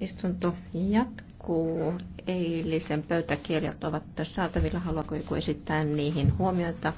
Istunto jatkuu. Eilisen pöytäkirjat ovat saatavilla. Haluaako joku esittää niihin huomioita?